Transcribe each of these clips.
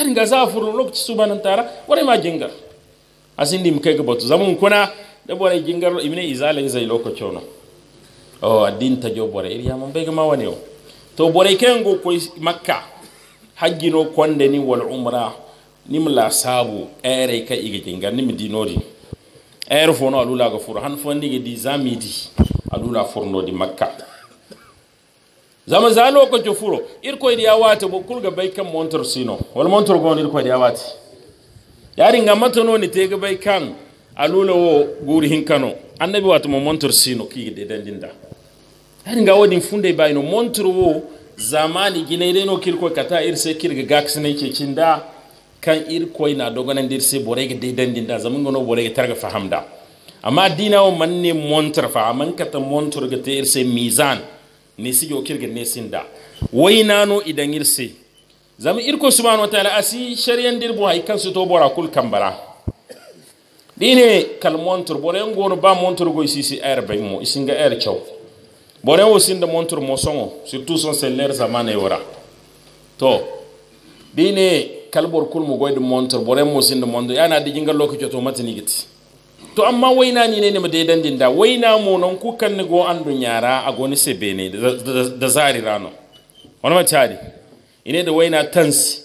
yari ga za a furu lokaci su banan tara wani ma gingar asin dim kai ga batu zamun kuna da bore gingar imne izalin zai lokaci ono oh addin ta jo bore iriya mun bai gama wani to bore kai go ko makka hajji no konde ni wal umra ni la sabu ere ka iga gingar nim dinori ere fono alula ga furu han fondi ga di zamidi alula furno di makka zama za lokacin furo irko idi ya wata ba kulga bai kan montar sino wani montar gwan irko idi ya wata yarin ga mata ni ta ga bai kan alula wa guri hinkano annabi wata ma montor sino ki idan dandinda ya ringa wodin funda bai no montar wo zamani gine idan no kirko kata irse kirga gax ne ke da kan irko ina dogonan dirse bore ga idan dandinda zaman gano bore ga targa fahamda amma dinawo manne montar fa man kata montor ga te irse mizan nesige o kirgen ne wai nano idan irse zama irko subhanahu wa ta'ala asi shariyandir bo hay kansu to bora kul kambara dine kal montor bore ngono ba montor go sisi air bay mo isinga air chaw bore wo sinda montur mo songo surtout son seller zamane wora to dine kalbor kul mo goyde montor bore mo sinda montur yana di jingal lokaci to matini giti to amma waina ni ne ne mai daidan da waina mo non ku ni go andu nyara a goni se bene da zari rano wani ma ine da waina tansi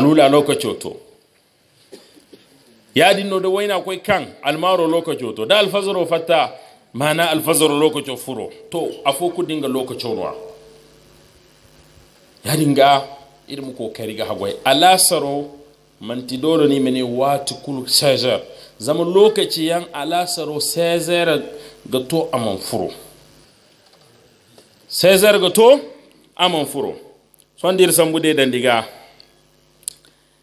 lula lokaci to ya dinno da waina koi kan almaro lokaci to da alfazaro fatta mana alfazaro lokaci furo to a ku dinga lokaci ruwa ya dinga irin kokari ga hagwai alasaro mantidoro ne mene watu kulu sajar zama lokaci yan alasaro sai zaira ga to a manfuro sai zaira ga to a manfuro son da irisan bude don diga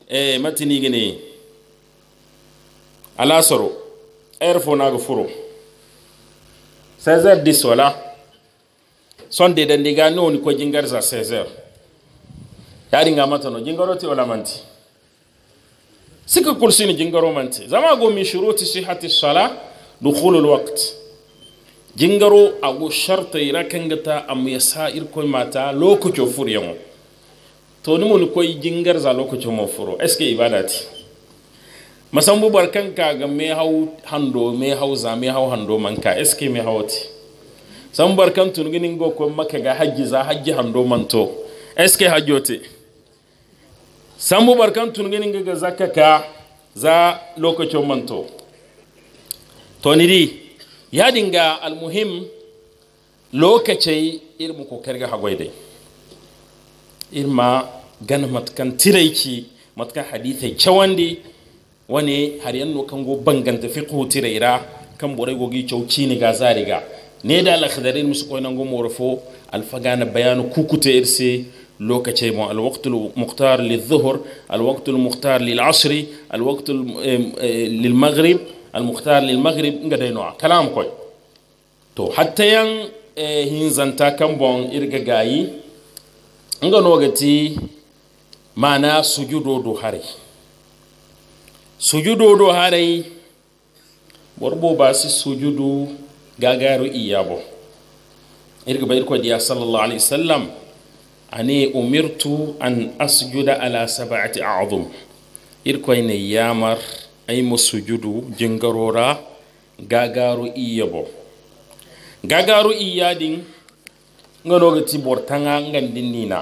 eh matini gine alasaro erfo na ga furo sai zaira disola son de dandiga no ni ko jingar za zaira ya nga matano jingaro ti olamanti sika ni jingaro mante zama go min shuruti sihhati sala dukhul alwaqt jingaro a go sharta ira kangata am yasa sa koy mata furu furyango to ni mun koy jingar za lokoco mo furo est ce que ibadati masambu barkan ka ga me hau hando me hau za me hau hando man ka eske que hau hauti san barkan tun ginin go ko maka ga hajji za hajji hando man est eske que hajjote sambu barkan tungenin gaga zaka ka za lokacin manto to ni di ya dinga almuhim lokacin irmu ko ga hagwai dai irma gan matkan tiraiki matkan hadithai cewandi wani har yanno kan go banganta fiqhu tiraira kan borai gogi chauci ni ga zariga ne da al-khadarin musu nan go morfo alfagana bayanu kukute irse lokacin mu alwaktul muhtar lizuhur alwaktul muhtar lilasri alwaktul lilmaghrib almuhtar lilmaghrib nga dai nuwa kalam koy to hatta yan hinzanta kan bon irga gayi nga nogati mana sujudo do hari sujudo do hari borbo basi sujudu gagaru iyabo irga bayir ko diya sallallahu alaihi wasallam ani umirtu an asjuda ala sab'ati a'zum irkoy ne yamar ay musujudu jingarora gagaru iyabo gagaru iyadin nganoga ti bortanga ngandinnina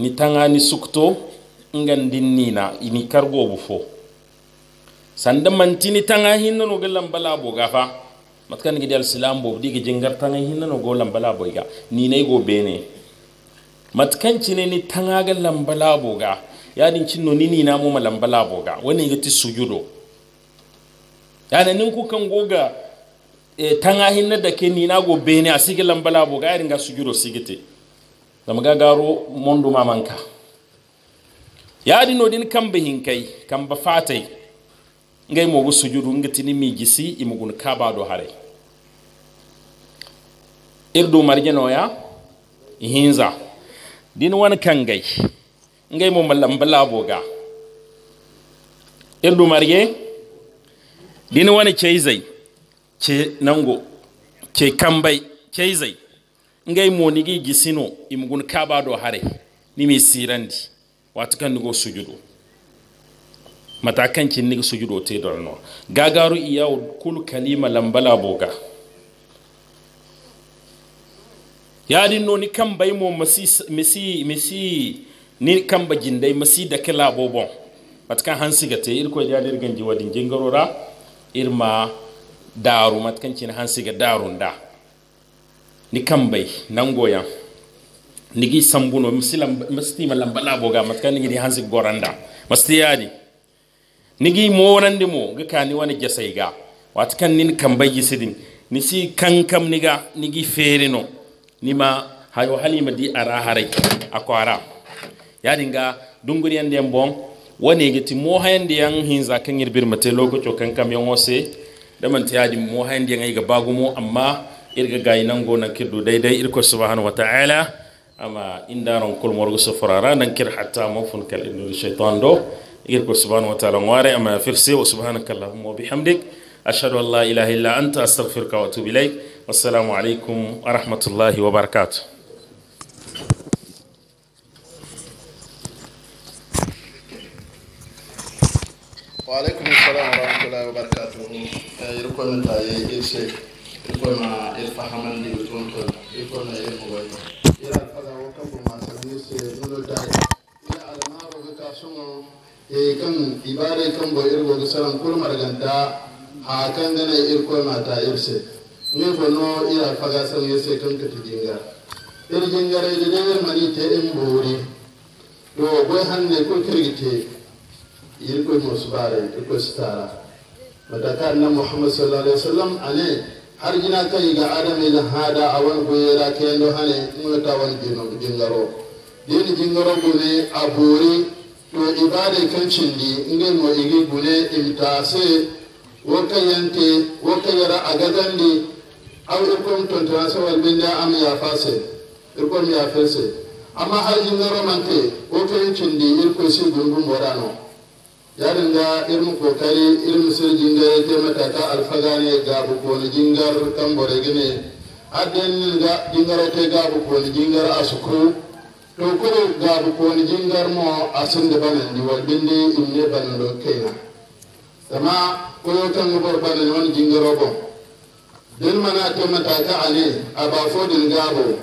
ni tanga ni sukto ngandinnina ini kargo bufo fo sanda mantini tanga hinno no galan bala bo gafa matkan gidi al salam bo digi jingar tanga hinna no golan bala bo ga ni nay go bene matkanci ne ni tanaga lambala boga yadin noni ni namu ma lambala boga wani yati sujudo yana nin kukan goga e, eh, tanga hinna da ke ni na go bene a sigi lambala boga yadin ga sujudo sigite da maga garo ya din yadin din kan bihin kai kan ba fatai ngai mo sujudu ni mi gisi imugun kaba do hare irdu marjanoya hinza din wani kangai ngai mo mallam bala boga irdu marie din wani cheizai che nango che kambai cheizai ngai mo nigi gisino imgun kabado do hare mi sirandi watu kan nigo sujudu matakan kin nigo sujudu te dorno gagaru iyaw kul kalima lambala boga yarin no ni kan bai mo masi masi masi ni kan ba jindai masi da kila bobon matkan hansi gate irko ya dirgan ji wadin jingarora irma daru matkan cin hansi ga darun da ni kan bai nan goyan nigi sambuno musti malam bala boga matkan nigi hansi goranda ni ni gi mo ga kani wani jasaiga watkan nin kan bai ni si kankam ni niga fere ferino nima hayo halima di ara harai akwara yadin ga dunguri yan den wani giti mo hayan da yan hin zakan yirbir mate lokaci kan kam yan wose da man ta yadin mo hayan da yan ga bagu mo amma irga gayi nan go nan kirdu daidai irko subhanahu wataala ama indaron kul morgo sofrara nan kir hatta mo fun kal indu shaytan do irko subhanahu wataala ngware ama firsi wa subhanakallahumma wa bihamdik ashhadu an la ilaha illa anta astaghfiruka wa atubu ilaik والسلام عليكم ورحمة الله وبركاته وعليكم السلام ورحمة الله وبركاته آه، يركونا تاي إيشي يركونا ما اللي يركون كل يركون ما إيرموي إلى ما سميس نلو تاي إلى على ما روك إبارة كل دنا تاي ni fano iya faga san yese ton ka tijinga ir jingare de de mari te en buri do boy hanne ko kirgite yir ko musbare ko stara mataka na muhammad sallallahu alaihi wasallam ane har jina kai ga adam da hada awan goyera ke ndo hane mun ta wani jino jingaro din jingaro gune aburi to ibade kan cindi ngai mo igi gune imtase wakayanke wakayara agadandi aw irkom tontona sewal min da am ya se irkom ya se amma har ingoro manke ko ken cindi irko si gungun morano ya ga irin kokari irin sir jingar ya mata ta alfaga ne ga bukoni jingar tambore gine adin ga jingar ta ga bukoni jingar a suku to kudu ga bukoni jingar mo a sun da banan ni walbin ne in ne banan na. sama koyo kan gubar banan wani jingar obon din mana to mata ka ane aba fo din gabo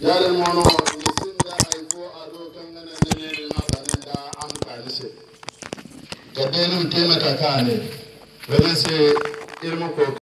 yaran mono ni sin da ai ko ado kan ngana ne ne na sanan da an ka se da dinin te mata ka ane wannan sai irin ko